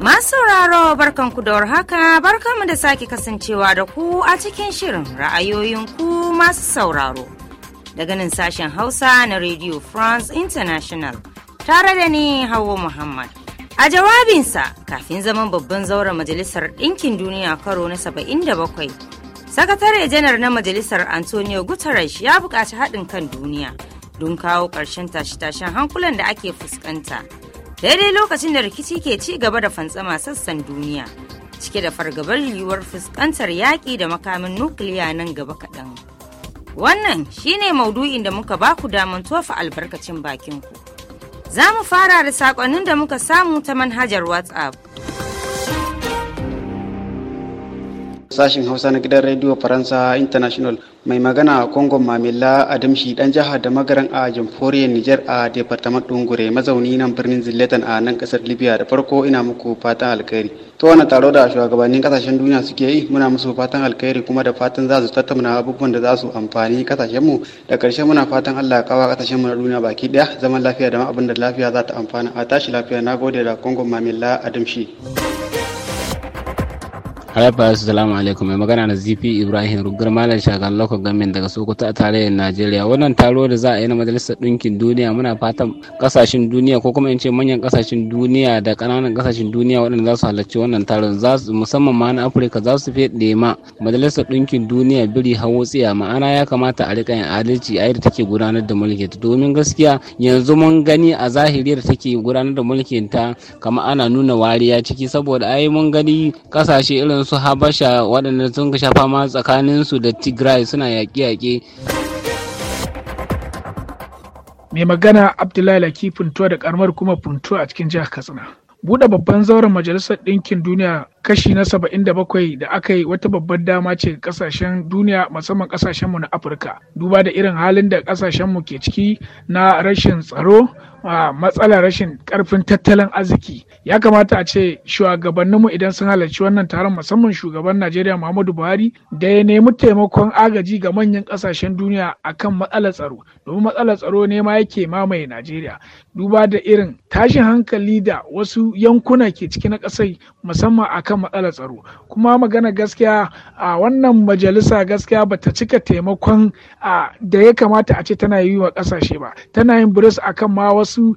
Masu sauraro barkanku da warhaka barkanmu da sake kasancewa da ku a cikin shirin ra'ayoyin ku masu sauraro. Daga nan sashen Hausa na Radio France International tare da ni Hauwa Muhammad. A jawabinsa kafin zaman babban zauren Majalisar Ɗinkin Duniya karo na saba'in da bakwai, Sakatare janar na Majalisar Antonio Guterres ya buƙaci haɗin kan duniya. don kawo ƙarshen tashe-tashen hankulan da ake fuskanta daidai lokacin da rikici ke ci gaba da fantsama sassan duniya cike da fargabar yiwuwar fuskantar yaƙi da makamin nukiliya nan gaba kaɗan wannan shine maudu'in da muka ba ku damar tofa albarkacin bakinku za mu fara da saƙonnin da muka samu ta manhajar whatsapp sashin hausa na gidan rediyo faransa international mai magana a kongon mamila adamshi dan jihar da magaran a jamhuriyar niger a departament dungure mazauni nan birnin zilletan a nan kasar libya da farko ina muku fatan alkhairi to wani taro da shugabannin kasashen duniya suke yi muna musu fatan alkairi kuma da fatan za su tattauna abubuwan da za su amfani kasashen da karshe muna fatan allah kawa kasashen mu na duniya baki daya zaman lafiya da ma abin da lafiya za ta amfana a tashi lafiya na gode da kongon mamila adamshi. Harafa assalamu alaikum mai magana na ZP Ibrahim Rugar Malam shagalaka Local Gamin daga Sokoto a tarayyar Najeriya. Wannan taro da za a yi na Majalisar Ɗinkin Duniya muna fatan kasashen duniya ko kuma in ce manyan kasashen duniya da ƙananan kasashen duniya waɗanda za su halarci wannan taron za su musamman ma na Afirka za su fiye ma Majalisar Ɗinkin Duniya biri hawo tsiya ma'ana ya kamata a rika yin adalci a yadda take gudanar da mulki ta domin gaskiya yanzu mun gani a zahiri da take gudanar da mulkin ta kamar ana nuna wariya ciki saboda ai mun gani kasashe irin Wasu habasha waɗanda sun ka shafa ma tsakaninsu da tigray suna yaƙe-yaƙe mai magana abdullahi laki funtuwa da karamar kuma funtuwa a cikin jihar katsina buɗe babban zauren majalisar ɗinkin duniya kashi na saba'in da bakwai da aka yi wata babbar dama ce kasashen duniya musamman kasashenmu na afirka duba da irin halin da kasashenmu ke ciki na rashin tsaro a matsalar rashin karfin tattalin arziki ya kamata a ce shugabanninmu idan sun halarci wannan taron musamman shugaban najeriya muhammadu buhari da ya nemi taimakon agaji ga manyan kasashen duniya akan matsalar tsaro domin matsalar tsaro ne ma yake mamaye najeriya duba da irin tashin hankali da wasu yankuna ke ciki na kasai musamman akan kan matsalar tsaro kuma magana gaskiya a wannan majalisa gaskiya ba ta cika taimakon da ya kamata a ce tana yi wa kasashe ba tana yin a kan ma wasu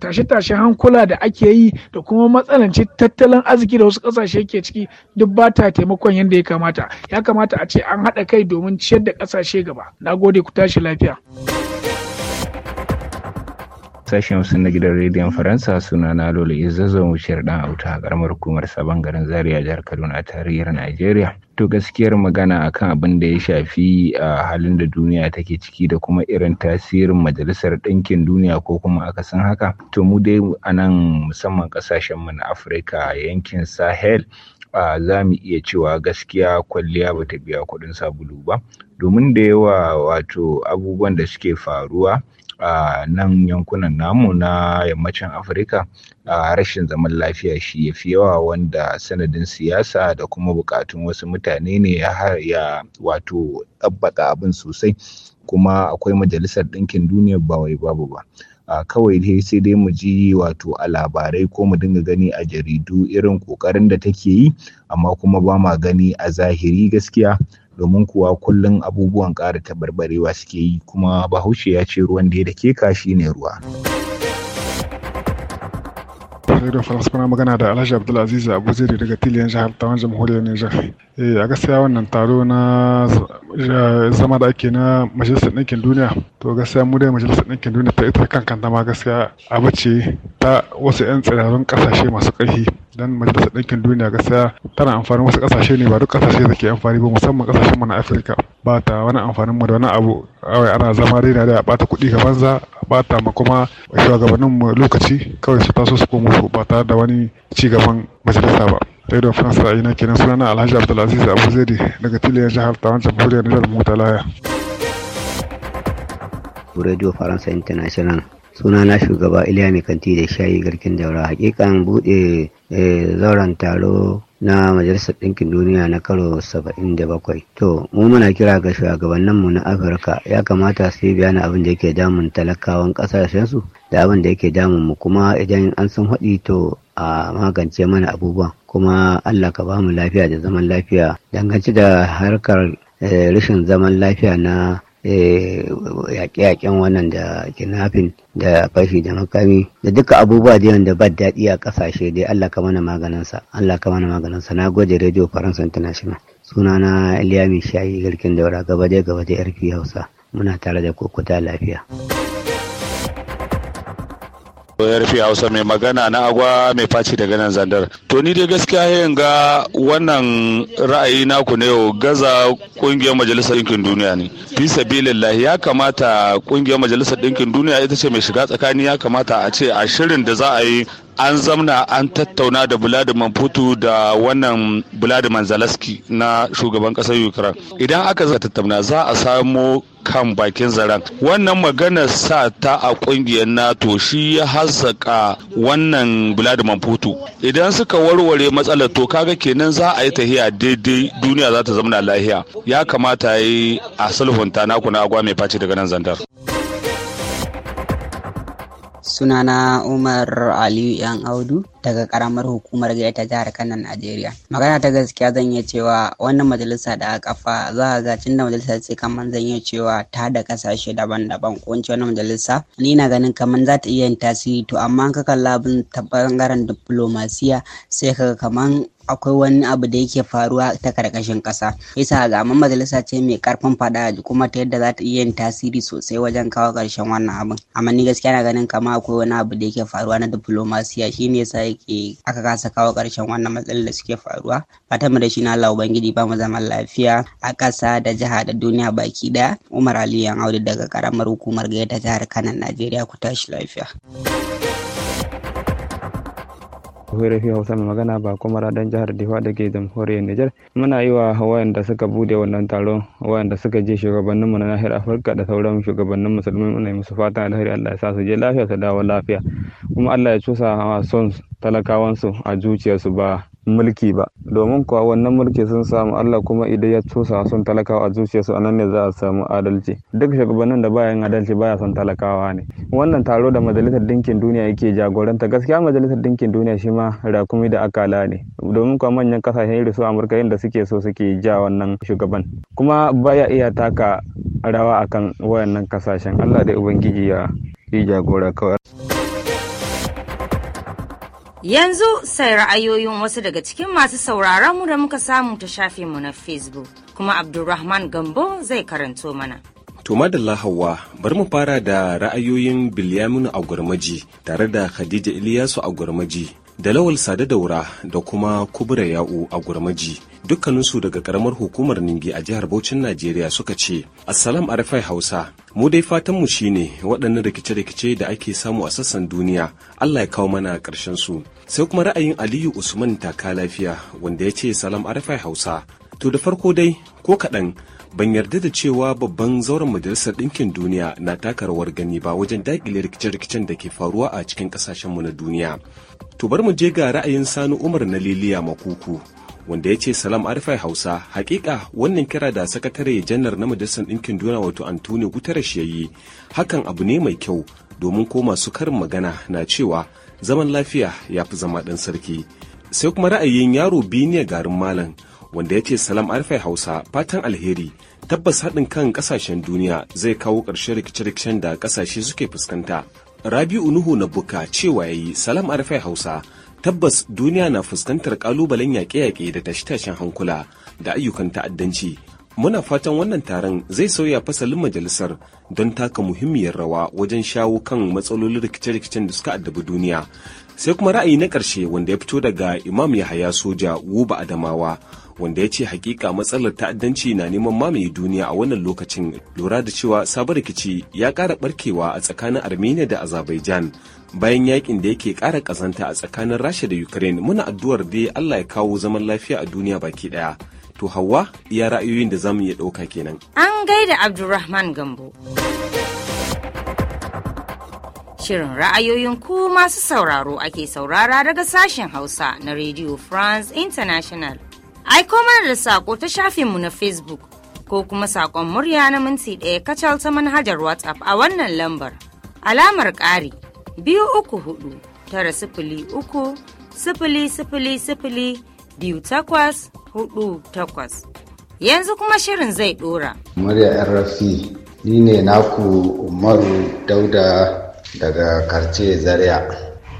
tashe-tashen hankula da ake yi da kuma matsalanci tattalin arziki da wasu kasashe ke ciki duk ba ta taimakon yadda ya kamata ya kamata a ce an haɗa kai domin ciyar da kasashe gaba na gode ku tashi lafiya. Sashen su na gidan rediyon Faransa suna na Lola Izzazo wucewar dan auta a karamar hukumar sabon garin Zaria jihar Kaduna a tarayyar Najeriya. To gaskiyar magana akan abin da ya shafi a halin da duniya take ciki da kuma irin tasirin Majalisar Ɗinkin Duniya ko kuma akasin haka. To mu dai a nan musamman mu na Afirka yankin Sahel a za mu iya cewa gaskiya kwalliya ba ta biya kuɗin sabulu ba domin da yawa wato abubuwan da suke faruwa a nan yankunan namu na yammacin afirka a rashin zaman lafiya shi ya fi yawa wanda sanadin siyasa da kuma bukatun wasu mutane ne ya wato ɗabbaka abin sosai kuma akwai majalisar ɗinkin duniya ba wai babu ba a kawai dai sai dai mu ji wato a labarai ko mu dinga gani a jaridu irin ƙoƙarin da take yi amma kuma ba ma gani a zahiri gaskiya domin kuwa kullum abubuwan ƙara taɓarɓarewa suke yi kuma bahaushe ya ce ruwan da ya da ke kashi ne ruwa. Radio France magana da Alhaji Abdulaziz Abu Zaidi daga Tiliyan jihar Tawan Jamhuriyar niger Eh a gaskiya wannan taro na zama da ake na Majalisar Ɗinkin Duniya to gaskiya mu dai Majalisar Ɗinkin Duniya ta ita kan kanta ma gaskiya abu ce ta wasu 'yan tsirarun ƙasashe masu ƙarfi dan Majalisar Ɗinkin Duniya gaskiya tana amfani wasu ƙasashe ne ba duk ƙasashe da ke amfani ba musamman ƙasashen mu na Afirka. ba ta wani amfanin mu da wani abu kawai ana zama dai da a bata kuɗi ga banza bata ma kuma shugabannin mu lokaci kawai su taso su komo su ba tare da wani ci gaban majalisa ba radio a a na kenan sunana alhaji abdulaziz abu zaidi daga tiliyar jihar tawan jamhuriyar nijar mota laya radio faransa international suna na shugaba iliya mai kanti da shayi garkin daura hakikan bude eh, zauren taro na majalisar ɗinkin duniya na karo 77 to mu muna kira ga mu na afirka ya kamata su yi bayanin abin da yake damun talakawan ƙasashensu da abin da yake damun mu kuma idan an san haɗi to a magance mana abubuwan kuma allah ka bamu lafiya da zaman lafiya dangance da harkar eh, rashin zaman lafiya na Eh, yaƙe-yaƙen wannan da kinafin da fashi da makami da duka abubuwa da yawan da ba daɗi a ƙasashe dai Allah ka mana maganinsa Allah ka mana maganinsa na gode Radio Faransa International na Iliyami Shayi garkin daura gaba dai gaba dai RP Hausa muna tare da kokuta lafiya. rufe hausa mai magana na agwa mai faci daga nan zandar to ni dai gaskiya yin ga wannan ra'ayi naku ne yau gaza kungiyar majalisar ɗinkin duniya ne fi lallahi ya kamata kungiyar majalisar ɗinkin duniya ita ce mai shiga tsakani ya kamata a ce a shirin da za a yi an zamna an tattauna da Vladimir Putin da wannan Vladimir manzalaski na shugaban ƙasar Ukraine. Idan aka tattauna za a samu kan bakin zaren wannan magana sa ta a kungiyar nato shi ya hazzaka wannan vladimir putin idan suka warware matsalar to kaga kenan za a yi tahiya daidai duniya za ta zama lahiya ya kamata yi a sulhunta naku na agwa mai face daga nan zandar sunana umar aliyu yan audu daga karamar hukumar gaya ta jihar kano najeriya magana ta gaskiya zan iya cewa wannan majalisa da aka kafa za a ga tun da majalisa sai kaman zan iya cewa ta da kasashe daban-daban ko in wannan majalisa ni na ganin kaman za ta iya yin tasiri to amma ka kalla abin ta bangaren diplomasiya sai kaga kaman akwai wani abu da yake faruwa ta karkashin ƙasa yasa amma majalisa ce mai karfin faɗa kuma ta yadda za ta iya yin tasiri sosai wajen kawo karshen wannan abin amma ni gaskiya na ganin kamar akwai wani abu da yake faruwa na diplomasiya shine yasa yake aka kasa kawo karshen wannan matsalar da suke faruwa fatan mu da shi na Allah ubangiji ba mu zaman lafiya a kasa da jiha da duniya baki daya Umar Aliyu Audu daga karamar hukumar gayyata jihar Kano Najeriya ku tashi lafiya. Hore fi Hausa mai magana ba kuma radan jihar Difa da ke jamhuriyar Nijar. Muna yi wa da suka bude wannan taron wayanda suka je shugabannin mu na nahiyar Afirka da sauran shugabannin musulmi muna musu fatan alheri Allah ya sa su je lafiya su dawo lafiya. Kuma Allah ya cusa a son talakawansu a zuciyarsu ba mulki ba domin kuwa wannan mulki sun samu Allah kuma idan ya cusa sun talakawa a zuciyarsu anan ne za a samu adalci duk shugabannin da baya yin adalci baya son talakawa ne wannan taro da majalisar dinkin duniya yake jagoranta gaskiya majalisar dinkin duniya shi ma rakumi da akala ne domin kuwa manyan kasashen irin su Amurka yadda suke so suke ja wannan shugaban kuma baya iya taka rawa akan wayannan kasashen Allah da ubangiji ya yi jagora kawai Yanzu sai ra'ayoyin wasu daga cikin masu sauraron mu da muka samu ta shafe mu na Facebook, kuma Abdulrahman Gambo zai karanto mana. To madalla Hauwa, bari mu fara da ra'ayoyin Bilyaminu Agwarmaji tare da Khadija Iliyasu Agwarmaji da Lawal Sade Daura da kuma Kubra Ya'u Agwarmaji dukkaninsu daga karamar hukumar ningi a jihar Bauchin Najeriya suka ce Assalam Arifai Hausa mu dai fatanmu shine waɗannan rikice-rikice da ake samu a sassan duniya Allah ya kawo mana ƙarshen su sai kuma ra'ayin Aliyu Usman taka lafiya wanda ya ce Salam Arifai Hausa to da farko dai ko kaɗan ban yarda da cewa babban zauren majalisar ɗinkin duniya na taka rawar gani ba wajen daƙile rikice-rikicen da ke faruwa a cikin ƙasashenmu na duniya. To bar mu je ga ra'ayin Sani Umar na Liliya Makuku wanda ya ce salam arifai hausa hakika wannan kira da sakatare janar na majalisar ɗinkin duniya wato antoni guterres ya yi hakan abu ne mai kyau domin ko masu karin magana na cewa zaman lafiya ya fi zama ɗan sarki sai kuma ra'ayin yaro biniya garin malam wanda ya ce salam arifai hausa fatan alheri tabbas haɗin kan ƙasashen duniya zai kawo ƙarshen rikice-rikicen da ƙasashe suke fuskanta rabi'u nuhu na buka cewa ya yi salam arifai hausa tabbas duniya na fuskantar kalubalen yaƙe-yaƙe da tashe-tashen hankula da ayyukan ta'addanci muna fatan wannan taron zai sauya fasalin majalisar don taka muhimmiyar rawa wajen shawo kan matsalolin rikice-rikicen da suka addabi duniya sai kuma ra'ayi na ƙarshe wanda ya fito daga imam yahaya soja wuba adamawa wanda ya ce hakika matsalar ta'addanci na neman mamaye duniya a wannan lokacin lura da cewa sabon rikici ya ƙara barkewa a tsakanin armenia da azerbaijan bayan yakin da yake ƙara ƙazanta a tsakanin rasha da ukraine muna addu'ar dai allah ya kawo zaman lafiya a duniya baki ɗaya to hawa iya ra'ayoyin da zamu iya ɗauka kenan an gaida abdulrahman gambo shirin ra'ayoyin ku masu sauraro ake saurara daga sashen Hausa na Radio France International. Aiko mana da sako ta shafinmu na Facebook ko kuma sakon murya na minti ɗaya kacal ta manhajar WhatsApp a wannan lambar. Alamar ƙari biyu uku hudu tara sifili uku sifili sifili sifili biyu takwas hudu takwas. Yanzu kuma shirin zai ɗora. Murya RFI ni ne naku Umaru Dauda daga Karce Zaria.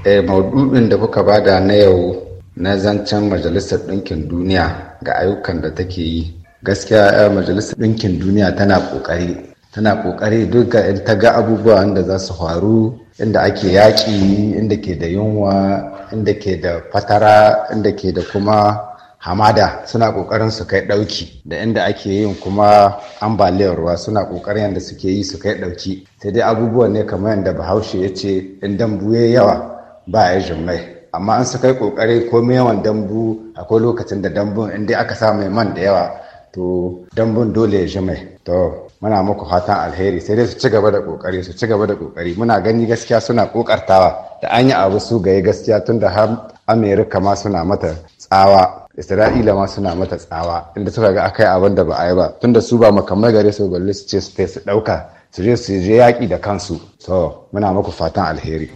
Eh, maudu'in da kuka bada na yau na zancen majalisar ɗinkin duniya ga ayyukan da take yi gaskiya eh, majalisar ɗinkin duniya tana ƙoƙari tana ƙoƙari duk in ta ga abubuwan da za su faru inda ake yaƙi inda ke da yunwa inda ke da fatara inda ke da kuma hamada suna ƙoƙarin su kai ɗauki da inda ake yin kuma ambaliyar ruwa suna ƙoƙarin yadda suke yi su kai ɗauki sai dai abubuwan ne kamar yadda bahaushe ya ce in dambu yawa ba ya Jummai. amma an suka yi kokari komai yawan dambu akwai lokacin da dambun inda aka sa mai man da yawa to dambun dole ya mai. to muna muku fatan alheri sai dai su ci gaba da kokari su ci gaba da kokari muna gani gaskiya suna kokartawa da an yi abu su gaye gaskiya tun da har amerika ma suna mata tsawa isra'ila ma suna mata tsawa inda suka ga akai abin da ba a yi ba tun da su ba makamai gare su balle su ce su dauka ɗauka su je su je yaƙi da kansu to muna muku fatan alheri.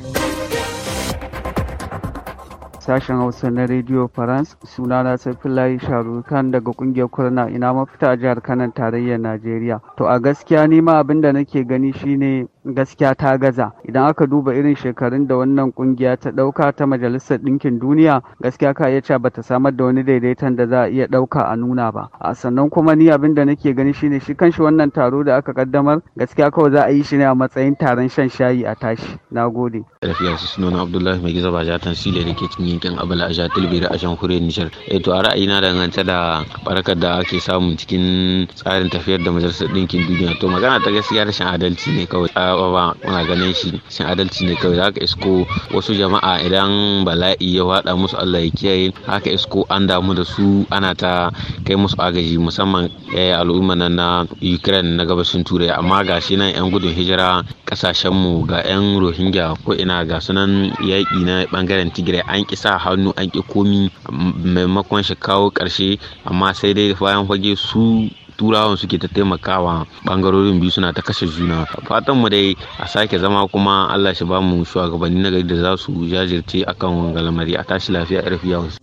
sashen Hausa na Radio France sunana layi Sharukan daga kungiyar Kurna ina mafita a jihar Kanan tarayyar Najeriya. To a gaskiya nima ma abin da nake gani shine gaskiya ta gaza idan aka duba irin shekarun da wannan kungiya ta dauka ta majalisar ɗinkin duniya gaskiya ka iya cewa bata samar da wani daidaiton da za a iya dauka a nuna ba a sannan kuma ni abin da nake gani shine shi kanshi wannan taro da aka kaddamar gaskiya kawai za a yi shi ne a matsayin taron shan shayi a tashi nagode rafiya abdullahi mai gizo bajatan sile da ke cikin yankin abala a sha tilbiri a shan kuriyar nishar eh to a na dangance da barakar da ake samu cikin tsarin tafiyar da majalisar ɗinkin duniya to magana ta gaskiya rashin adalci ne kawai saba ba muna ganin shi shin adalci ne kawai haka isko wasu jama'a idan bala'i ya faɗa musu Allah ya kiyaye haka isko an damu da su ana ta kai musu agaji musamman eh, al'umma nan na Ukraine na gabashin Turai amma ga shi nan yan gudun hijira kasashen mu ga yan Rohingya ko ina ga sunan yaƙi na bangaren Tigray an ki sa hannu an ki komi maimakon shi kawo ƙarshe amma sai dai bayan fage su turawan suke ta taimakawa bangarorin biyu suna ta kashe juna fatan mu dai a sake zama kuma Allah shi ba mu shugabanni na gari da za su jajirce akan wangalamari a tashi lafiya a rafiya wasu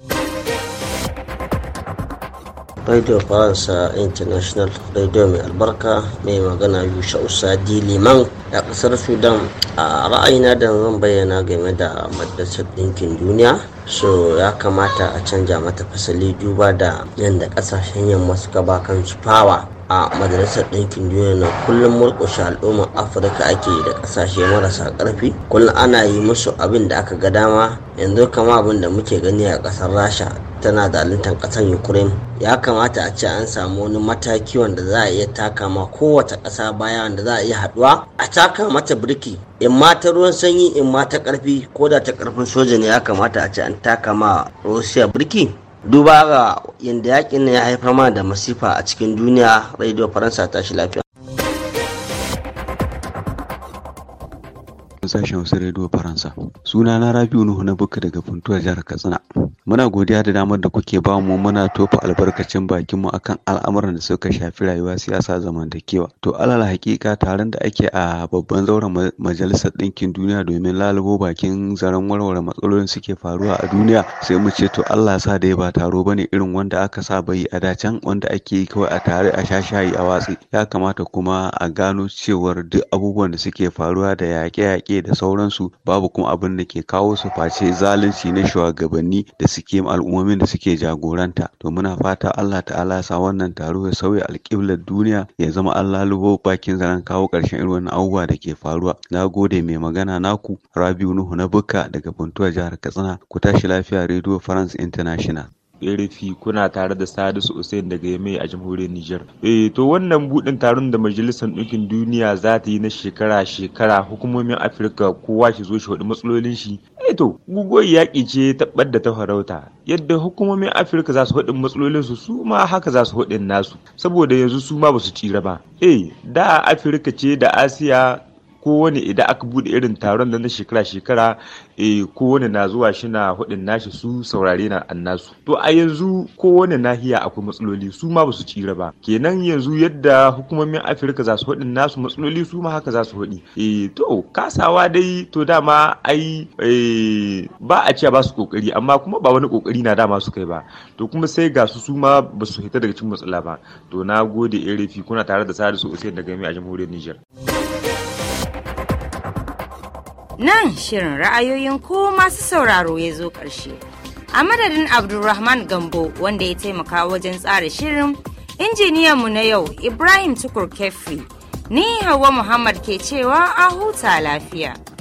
radio faransa international radio mai albarka mai magana yusha di liman a kasar sudan a ra'ayina da zan bayyana game da majalisar ɗinkin duniya so ya kamata a canja mata fasali duba da yadda ƙasashen yamma suka ba kansu fawa a majalisar ɗinkin duniya na kullum murƙushe al'ummar afirka ake da ƙasashe marasa ƙarfi kullum ana yi musu abin da aka ga dama yanzu kama abin da muke gani a ƙasar rasha tana da alintan ƙasar ukraine ya kamata a ce an samu wani mataki wanda za a iya taka ma kowace ƙasa baya wanda za a iya haɗuwa a taka mata birki in ma ta ruwan sanyi in ma ta ƙarfi ko da ta ƙarfin soja ne ya kamata a ce an taka ma rusiya birki duba ga yadda yakin ya haifar ma da masifa a cikin duniya radio faransa ta shi lafiya sashen wasu radio faransa suna na rabiu nuhu na buka daga funtuwa jihar katsina Muna godiya da damar da kuke ba mu muna tofa albarkacin bakinmu akan al'amuran da suka shafi rayuwa, siyasa, zamantakewa. To alal hakika taron da ake a babban zauren Majalisar Ɗinkin Duniya domin lalubo bakin zaren warware matsalolin suke faruwa a duniya sai mu ce to Allah sa dai ba taro ba ne irin wanda aka sa yi a da wanda ake yi kawai a tare a sha shayi a watsi. Ya kamata kuma a gano cewar duk abubuwan da suke faruwa da yaƙe-yaƙe da sauransu babu kuma abin da ke kawo su face zalunci na shugabanni da suke al'ummomin da suke jagoranta to muna fata Allah ta'ala sa wannan taro ya sauya alƙiblar duniya ya zama Allah lubo bakin zaren kawo ƙarshen irin wannan abubuwa da ke faruwa na gode mai magana naku Rabiu Nuhu na Bukka daga Funtuwa jihar Katsina ku tashi lafiya Radio France International Erefi kuna tare da Sadisu usain daga Yamai a jamhuriyar Nijar. Eh to wannan budin taron da Majalisar Ɗinkin Duniya za ta yi na shekara-shekara hukumomin Afirka kowa shi zo shi hudu matsalolin shi. Eh to guguwar yaƙi ce tabbar da ta farauta. Yadda hukumomin Afirka za su hudu matsalolin su su ma haka za su hudu nasu saboda yanzu su ma ba su tsira ba. Eh da Afirka ce da Asiya kowane idan aka bude irin taron da na shekara-shekara e, kowane na zuwa shi na hudin nashi su saurare na annasu to a yanzu kowane nahiya akwai matsaloli su ma ba su cira ba kenan yanzu yadda hukumomin afirka za su hudin nasu matsaloli su ma haka za su hudi e, to kasawa dai to dama ai eh, ba a ce ba su kokari amma kuma ba wani kokari na dama su kai ba to kuma sai ga su su ma ba su hita daga cikin matsala ba to na gode fi kuna tare da sada su daga mai a jamhuriyar Nijar. nan shirin ra'ayoyin ko masu sauraro ya zo ƙarshe. A madadin Abdulrahman Gambo wanda ya taimaka wajen tsara shirin, injiniyan mu na yau Ibrahim Tukur Kefi, ni Hauwa Muhammad ke cewa a huta lafiya.